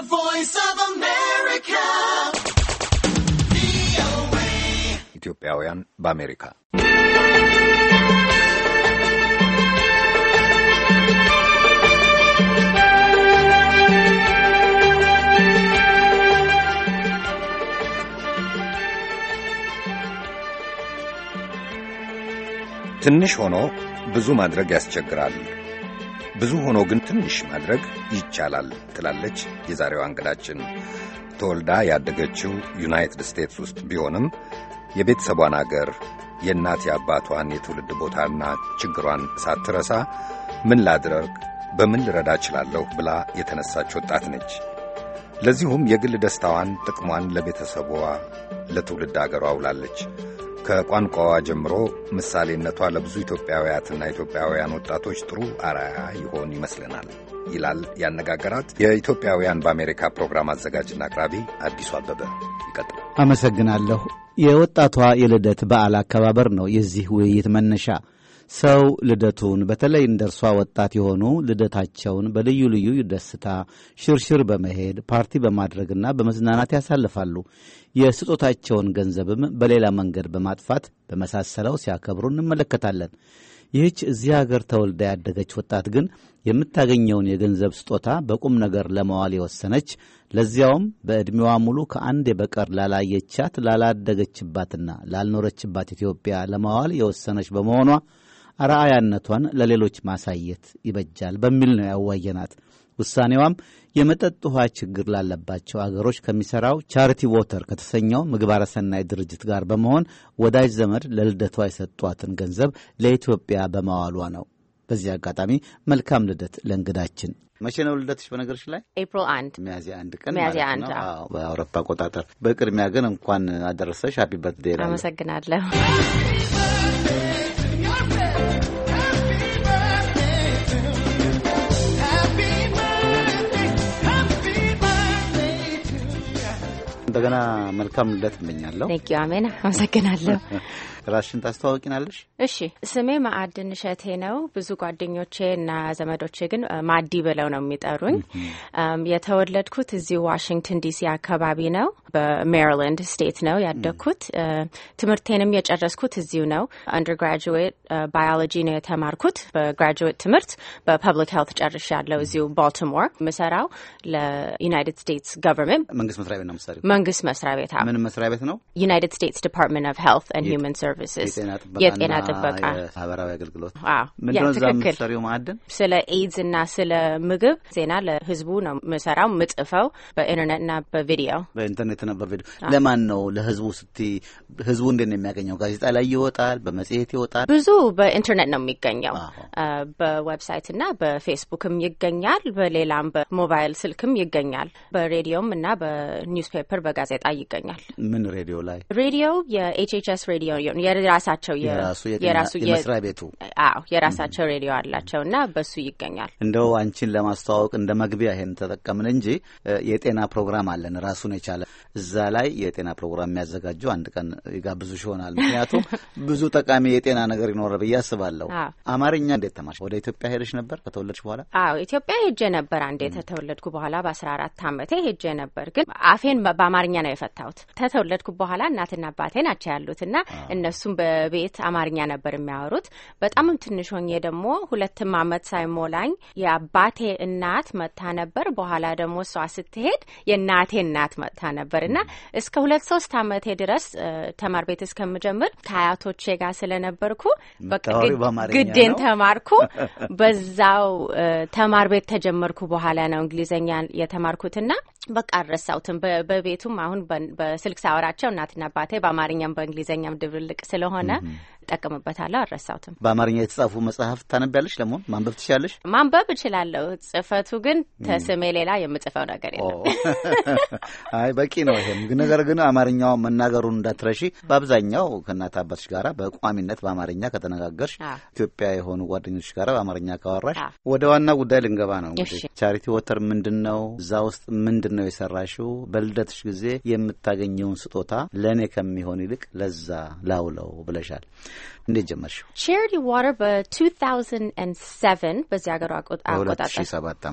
The Voice of America. ኢትዮጵያውያን በአሜሪካ ትንሽ ሆኖ ብዙ ማድረግ ያስቸግራል። ብዙ ሆኖ ግን ትንሽ ማድረግ ይቻላል ትላለች የዛሬዋ እንግዳችን። ተወልዳ ያደገችው ዩናይትድ ስቴትስ ውስጥ ቢሆንም የቤተሰቧን አገር የእናት የአባቷን የትውልድ ቦታና ችግሯን ሳትረሳ ምን ላድረግ፣ በምን ልረዳ እችላለሁ ብላ የተነሳች ወጣት ነች። ለዚሁም የግል ደስታዋን፣ ጥቅሟን ለቤተሰቧ ለትውልድ አገሯ አውላለች። ከቋንቋዋ ጀምሮ ምሳሌነቷ ለብዙ ኢትዮጵያውያትና ኢትዮጵያውያን ወጣቶች ጥሩ አርአያ ይሆን ይመስለናል ይላል ያነጋገራት የኢትዮጵያውያን በአሜሪካ ፕሮግራም አዘጋጅና አቅራቢ አዲሱ አበበ ይቀጥል። አመሰግናለሁ። የወጣቷ የልደት በዓል አከባበር ነው የዚህ ውይይት መነሻ። ሰው ልደቱን በተለይ እንደ እርሷ ወጣት የሆኑ ልደታቸውን በልዩ ልዩ ደስታ ሽርሽር በመሄድ ፓርቲ በማድረግና በመዝናናት ያሳልፋሉ። የስጦታቸውን ገንዘብም በሌላ መንገድ በማጥፋት በመሳሰለው ሲያከብሩ እንመለከታለን። ይህች እዚህ አገር ተወልዳ ያደገች ወጣት ግን የምታገኘውን የገንዘብ ስጦታ በቁም ነገር ለመዋል የወሰነች ለዚያውም በዕድሜዋ ሙሉ ከአንዴ በቀር ላላየቻት ላላደገችባትና ላልኖረችባት ኢትዮጵያ ለማዋል የወሰነች በመሆኗ አርአያነቷን ለሌሎች ማሳየት ይበጃል በሚል ነው ያዋየናት። ውሳኔዋም የመጠጥ ውሃ ችግር ላለባቸው አገሮች ከሚሠራው ቻሪቲ ዎተር ከተሰኘው ምግባረ ሰናይ ድርጅት ጋር በመሆን ወዳጅ ዘመድ ለልደቷ የሰጧትን ገንዘብ ለኢትዮጵያ በማዋሏ ነው። በዚህ አጋጣሚ መልካም ልደት ለእንግዳችን። መቼ ነው ልደትሽ? በነገርሽ ላይ ኤፕሪል አንድ ሚያዝያ አንድ ቀን ሚያዝያ አንድ በአውሮፓ አቆጣጠር። በቅድሚያ ግን እንኳን አደረሰሽ። ሀፒ በርትዴ። አመሰግናለሁ። እንደገና መልካም ልደት እመኛለሁ። አሜና፣ አመሰግናለሁ። ራስሽን ታስተዋወቂናለሽ? እሺ፣ ስሜ ማዕድን እሸቴ ነው። ብዙ ጓደኞቼ እና ዘመዶቼ ግን ማዲ ብለው ነው የሚጠሩኝ። የተወለድኩት እዚህ ዋሽንግተን ዲሲ አካባቢ ነው። በሜሪላንድ ስቴት ነው ያደግኩት። ትምህርቴንም የጨረስኩት እዚሁ ነው። አንደርግራጁዌት ባዮሎጂ ነው የተማርኩት። በግራጁዌት ትምህርት በፐብሊክ ሄልት ጨርሽ ያለው እዚሁ ባልቲሞር የምሰራው ለዩናይትድ ስቴትስ ገቨርንመንት መንግስት መስሪያ ቤት ነው። መንግስት መስሪያ ቤት ምን መስሪያ ቤት ነው? ዩናይትድ ስቴትስ ዲፓርትመንት ኦፍ ሄልት ኤንድ ሂውማን ሰርቪስ ሰርቪስስ የጤና ጥበቃ ማህበራዊ አገልግሎት ምንድነው እዛ የምትሰሪው ማዕድን ስለ ኤድስ እና ስለ ምግብ ዜና ለህዝቡ ነው ምሰራው ምጽፈው ና በቪዲዮ ና በቪዲዮ ለማን ነው ለህዝቡ ስቲ ህዝቡ እንዴት ነው የሚያገኘው ጋዜጣ ላይ ይወጣል በመጽሄት ይወጣል ብዙ በኢንተርኔት ነው የሚገኘው ና በፌስቡክም ይገኛል በሌላም በሞባይል ስልክም ይገኛል በሬዲዮም እና በኒውስፔፐር በጋዜጣ ይገኛል ምን ሬዲዮ ላይ ሬዲዮ የኤችኤችኤስ ሬዲዮ ነው የራሳቸው የራሱ የመስሪያ ቤቱ አዎ የራሳቸው ሬዲዮ አላቸው እና በሱ ይገኛል። እንደው አንቺን ለማስተዋወቅ እንደ መግቢያ ይሄን ተጠቀምን እንጂ የጤና ፕሮግራም አለን ራሱን የቻለ እዛ ላይ የጤና ፕሮግራም የሚያዘጋጁ አንድ ቀን ይጋብዙሽ ይሆናል። ምክንያቱም ብዙ ጠቃሚ የጤና ነገር ይኖረ ብዬ አስባለሁ። አማርኛ እንዴት ተማርሽ? ወደ ኢትዮጵያ ሄደሽ ነበር ከተወለድሽ በኋላ? አዎ ኢትዮጵያ ሄጄ ነበር አንዴ ከተወለድኩ በኋላ በአስራ አራት አመቴ ሄጄ ነበር። ግን አፌን በአማርኛ ነው የፈታሁት። ከተወለድኩ በኋላ እናትና አባቴ ናቸው ያሉት እና እነሱም በቤት አማርኛ ነበር የሚያወሩት። በጣምም ትንሽ ሆኜ ደግሞ ሁለትም አመት ሳይሞላኝ የአባቴ እናት መጥታ ነበር። በኋላ ደግሞ እሷ ስትሄድ የእናቴ እናት መጥታ ነበር እና እስከ ሁለት ሶስት አመቴ ድረስ ተማር ቤት እስከምጀምር ከአያቶቼ ጋር ስለነበርኩ ግዴን ተማርኩ። በዛው ተማር ቤት ተጀመርኩ። በኋላ ነው እንግሊዝኛ የተማርኩትና በቃ አልረሳሁትም። በቤቱም አሁን በስልክ ሳወራቸው እናትና አባቴ በአማርኛም በእንግሊዝኛም ድብል Se lo እጠቀምበታለሁ። አልረሳሁትም። በአማርኛ የተጻፉ መጽሐፍ ታነቢያለሽ? ለመሆን ማንበብ ትችላለሽ? ማንበብ እችላለሁ። ጽፈቱ ግን ተስሜ ሌላ የምጽፈው ነገር የለም። አይ በቂ ነው ይሄም። ነገር ግን አማርኛው መናገሩን እንዳትረሺ። በአብዛኛው ከእናት አባትሽ ጋራ በቋሚነት በአማርኛ ከተነጋገርሽ፣ ኢትዮጵያ የሆኑ ጓደኞች ጋራ በአማርኛ ካወራሽ፣ ወደ ዋና ጉዳይ ልንገባ ነው እንግዲህ ቻሪቲ ወተር ምንድን ነው? እዛ ውስጥ ምንድን ነው የሰራሽው? በልደትሽ ጊዜ የምታገኘውን ስጦታ ለእኔ ከሚሆን ይልቅ ለዛ ላውለው ብለሻል። እንዴት ጀመርሽው? ቼሪቲ ዋተር በ2007 በዚህ ሀገር አቆጣጠር 2007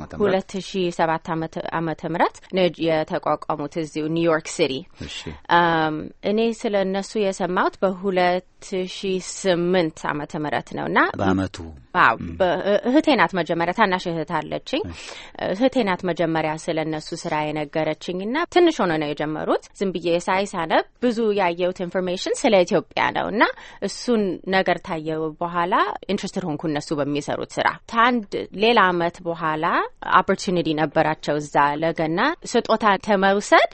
ዓመተ ምህረት ነው የተቋቋሙት እዚሁ ኒውዮርክ ሲቲ። እኔ ስለ እነሱ የሰማሁት በ2008 ዓመተ ምህረት ነው እና በአመቱ እህቴ ናት መጀመሪያ ታናሽ እህት አለችኝ። እህቴ ናት መጀመሪያ ስለ እነሱ ስራ የነገረችኝ እና ትንሽ ሆነ ነው የጀመሩት። ዝም ብዬ ሳይ ሳነብ ብዙ ያየሁት ኢንፎርሜሽን ስለ ኢትዮጵያ ነው እና እሱ ሁለቱን ነገር ታየ በኋላ ኢንትረስትድ ሆንኩ እነሱ በሚሰሩት ስራ። ከአንድ ሌላ አመት በኋላ ኦፖርቹኒቲ ነበራቸው እዛ ለገና ስጦታ ተመውሰድ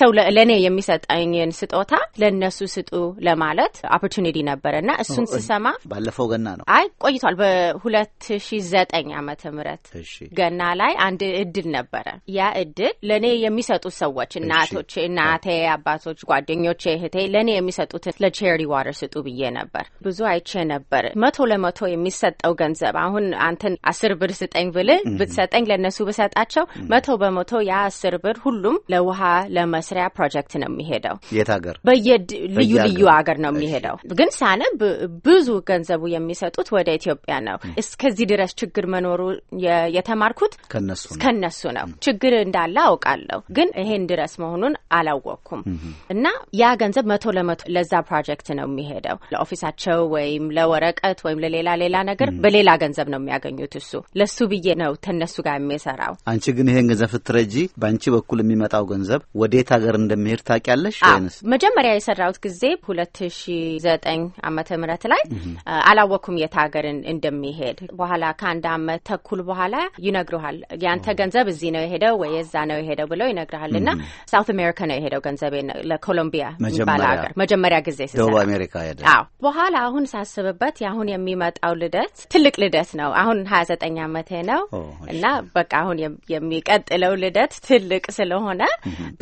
ሰው ለእኔ የሚሰጠኝን ስጦታ ለእነሱ ስጡ ለማለት ኦፖርቹኒቲ ነበረና እሱን ስሰማ ባለፈው ገና ነው። አይ ቆይቷል። በሁለት ሺ ዘጠኝ አመተ ምህረት ገና ላይ አንድ እድል ነበረ። ያ እድል ለእኔ የሚሰጡት ሰዎች እናቶች፣ እናቴ፣ አባቶች፣ ጓደኞቼ፣ እህቴ ለእኔ የሚሰጡት ለቼሪ ዋተር ስጡ ብዬ ነበር ነበር፣ ብዙ አይቼ ነበር። መቶ ለመቶ የሚሰጠው ገንዘብ አሁን አንተን አስር ብር ስጠኝ ብል ብትሰጠኝ ለእነሱ ብሰጣቸው መቶ በመቶ ያ አስር ብር ሁሉም ለውሃ ለመስሪያ ፕሮጀክት ነው የሚሄደው። የት ሀገር በየልዩ ልዩ ሀገር ነው የሚሄደው። ግን ሳነብ ብዙ ገንዘቡ የሚሰጡት ወደ ኢትዮጵያ ነው። እስከዚህ ድረስ ችግር መኖሩ የተማርኩት ከነሱ ነው። ችግር እንዳለ አውቃለሁ፣ ግን ይሄን ድረስ መሆኑን አላወቅኩም። እና ያ ገንዘብ መቶ ለመቶ ለዛ ፕሮጀክት ነው የሚሄደው። ለኦፊስ ለቤታቸው ወይም ለወረቀት ወይም ለሌላ ሌላ ነገር በሌላ ገንዘብ ነው የሚያገኙት። እሱ ለሱ ብዬ ነው ተነሱ ጋር የሚሰራው። አንቺ ግን ይሄን ገንዘብ ስትረጂ በአንቺ በኩል የሚመጣው ገንዘብ ወዴት ሀገር እንደሚሄድ ታውቂያለሽ? ወይንስ መጀመሪያ የሰራሁት ጊዜ ሁለት ሺ ዘጠኝ አመተ ምህረት ላይ አላወኩም የት ሀገር እንደሚሄድ። በኋላ ከአንድ አመት ተኩል በኋላ ይነግረሃል ያንተ ገንዘብ እዚህ ነው የሄደው ወይ የዛ ነው የሄደው ብለው ይነግረሃል። እና ሳውት አሜሪካ ነው የሄደው ገንዘቤ ለኮሎምቢያ ሚባል ሀገር መጀመሪያ ጊዜ ሄደ። በኋላ አሁን ሳስብበት አሁን የሚመጣው ልደት ትልቅ ልደት ነው። አሁን ሀያ ዘጠኝ አመቴ ነው እና በቃ አሁን የሚቀጥለው ልደት ትልቅ ስለሆነ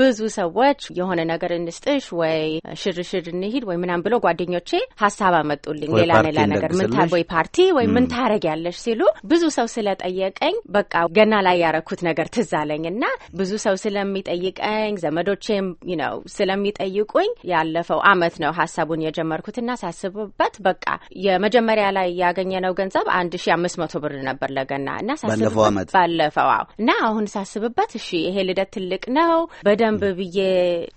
ብዙ ሰዎች የሆነ ነገር እንስጥሽ ወይ ሽርሽር እንሂድ ወይ ምናም ብሎ ጓደኞቼ ሀሳብ አመጡልኝ። ሌላ ሌላ ነገር ወይ ፓርቲ ወይ ምን ታረግ ያለሽ ሲሉ ብዙ ሰው ስለጠየቀኝ በቃ ገና ላይ ያረኩት ነገር ትዝ አለኝ እና ብዙ ሰው ስለሚጠይቀኝ ዘመዶቼም ነው ስለሚጠይቁኝ ያለፈው አመት ነው ሀሳቡን የጀመርኩትና ሳስብ ሳስብበት በቃ የመጀመሪያ ላይ ያገኘነው ገንዘብ አንድ ሺ አምስት መቶ ብር ነበር ለገና እና ሳስብበት ባለፈው አዎ እና አሁን ሳስብበት እሺ ይሄ ልደት ትልቅ ነው በደንብ ብዬ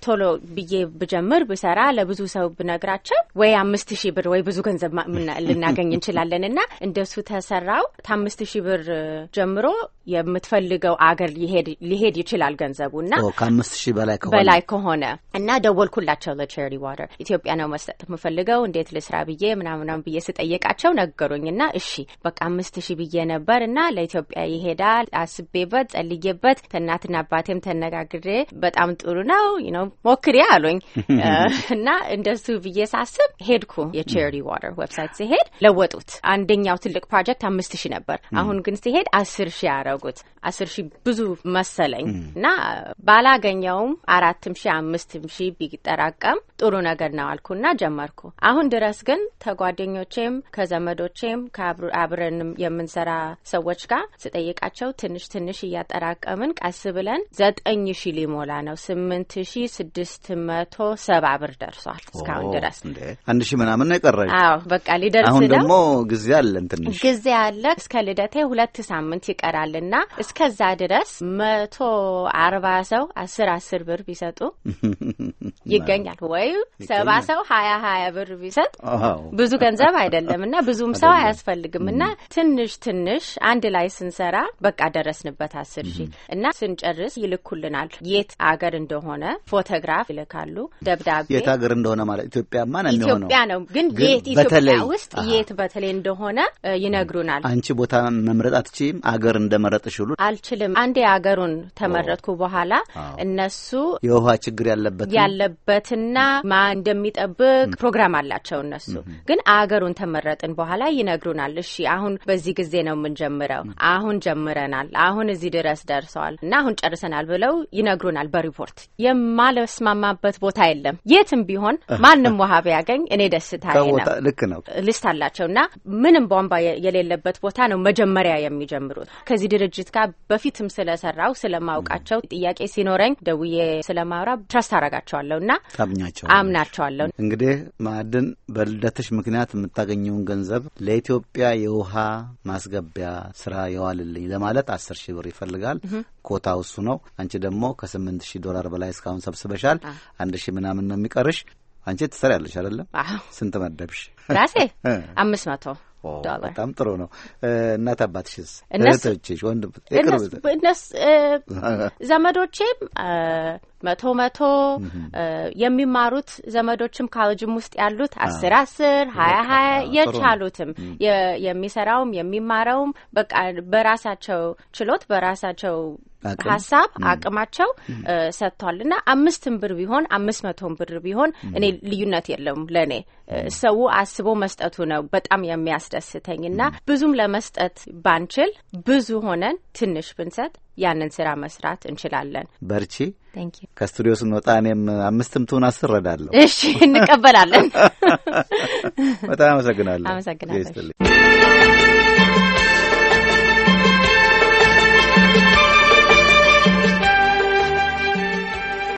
ቶሎ ብዬ ብጀምር ብሰራ ለብዙ ሰው ብነግራቸው ወይ አምስት ሺ ብር ወይ ብዙ ገንዘብ ልናገኝ እንችላለን እና እንደሱ ተሰራው ከአምስት ሺ ብር ጀምሮ የምትፈልገው አገር ሊሄድ ይችላል ገንዘቡ እና ከአምስት ሺህ በላይ ከሆነ እና ደወልኩላቸው ለቸሪ ዋተር ኢትዮጵያ ነው መስጠት የምፈልገው እንዴት ልስ ስራ ብዬ ምናምናም ብዬ ስጠየቃቸው ነገሩኝ ና እሺ በቃ አምስት ሺ ብዬ ነበር እና ለኢትዮጵያ ይሄዳል አስቤበት ጸልዬበት ተናትና አባቴም ተነጋግሬ በጣም ጥሩ ነው ነው ሞክሪ አሉኝ እና እንደሱ ብዬ ሳስብ ሄድኩ። የቼሪ ዋተር ዌብሳይት ሲሄድ ለወጡት። አንደኛው ትልቅ ፕሮጀክት አምስት ሺ ነበር። አሁን ግን ሲሄድ አስር ሺ ያደረጉት። አስር ሺ ብዙ መሰለኝ እና ባላገኘውም አራትም ሺ አምስትም ሺ ቢጠራቀም ጥሩ ነገር ነው አልኩና ጀመርኩ። አሁን ድረስ ግን ከጓደኞቼም ከዘመዶቼም ከአብረን የምንሰራ ሰዎች ጋር ስጠይቃቸው ትንሽ ትንሽ እያጠራቀምን ቀስ ብለን ዘጠኝ ሺ ሊሞላ ነው ስምንት ሺ ስድስት መቶ ሰባ ብር ደርሷል። እስካሁን ድረስ አንድ ሺ ምናምን ነው የቀረኝ። አዎ በቃ ሊደርስ አሁን ደግሞ ጊዜ አለን፣ ትንሽ ጊዜ አለ። እስከ ልደቴ ሁለት ሳምንት ይቀራል ና እስከዛ ድረስ መቶ አርባ ሰው አስር አስር ብር ቢሰጡ ይገኛል ወይ ሰባ ሰው ሀያ ሀያ ብር ቢሰጥ ብዙ ገንዘብ አይደለም እና ብዙም ሰው አያስፈልግም እና ትንሽ ትንሽ አንድ ላይ ስንሰራ በቃ ደረስንበት አስር ሺ እና ስንጨርስ ይልኩልናል። የት አገር እንደሆነ ፎቶግራፍ ይልካሉ፣ ደብዳቤ የት አገር እንደሆነ ማለት ኢትዮጵያማ ነው የሚሆነው ኢትዮጵያ ነው ግን የት ኢትዮጵያ ውስጥ የት በተለይ እንደሆነ ይነግሩናል። አንቺ ቦታ መምረጥ አትችም? አገር እንደመረጥሽ ሁሉ አልችልም። አንዴ አገሩን ተመረጥኩ በኋላ እነሱ የውሃ ችግር ያለበት ያለበትና ማ እንደሚጠብቅ ፕሮግራም አላቸው እነሱ እነሱ ግን አገሩን ተመረጥን በኋላ ይነግሩናል። እሺ አሁን በዚህ ጊዜ ነው የምንጀምረው፣ አሁን ጀምረናል፣ አሁን እዚህ ድረስ ደርሰዋል እና አሁን ጨርሰናል ብለው ይነግሩናል በሪፖርት። የማለስማማበት ቦታ የለም። የትም ቢሆን ማንም ውሃ ቢያገኝ እኔ ደስታ ነው። ልክ ነው። ልስት አላቸው እና ምንም ቧንቧ የሌለበት ቦታ ነው መጀመሪያ የሚጀምሩት። ከዚህ ድርጅት ጋር በፊትም ስለሰራው ስለማውቃቸው ጥያቄ ሲኖረኝ ደውዬ ስለማውራ ትረስት አረጋቸዋለሁ እና አምናቸዋለሁ። እንግዲህ ማዕድን በ በልደትሽ ምክንያት የምታገኘውን ገንዘብ ለኢትዮጵያ የውሃ ማስገቢያ ስራ የዋልልኝ ለማለት አስር ሺህ ብር ይፈልጋል። ኮታ እሱ ነው። አንቺ ደግሞ ከስምንት ሺህ ዶላር በላይ እስካሁን ሰብስበሻል። አንድ ሺህ ምናምን ነው የሚቀርሽ። አንቺ ትሰሪያለሽ አይደለም? ስንት መደብሽ? ራሴ አምስት መቶ በጣም ጥሩ ነው። እናት አባትሽስ፣ እህቶችሽ፣ ወንድም ዘመዶቼም መቶ መቶ የሚማሩት ዘመዶችም ካሌጅም ውስጥ ያሉት አስር አስር ሀያ ሀያ የቻሉትም የሚሰራውም የሚማረውም በቃ በራሳቸው ችሎት በራሳቸው ሀሳብ አቅማቸው ሰጥቷል እና አምስትም ብር ቢሆን አምስት መቶም ብር ቢሆን እኔ ልዩነት የለውም ለእኔ ሰው አስቦ መስጠቱ ነው በጣም የሚያስደስተኝ እና ብዙም ለመስጠት ባንችል ብዙ ሆነን ትንሽ ብንሰጥ ያንን ስራ መስራት እንችላለን። በርቺ። ከስቱዲዮ ስንወጣ እኔም አምስትም ትሁን አስር ረዳለሁ። እሺ፣ እንቀበላለን። በጣም አመሰግናለሁ። አመሰግናለሁ።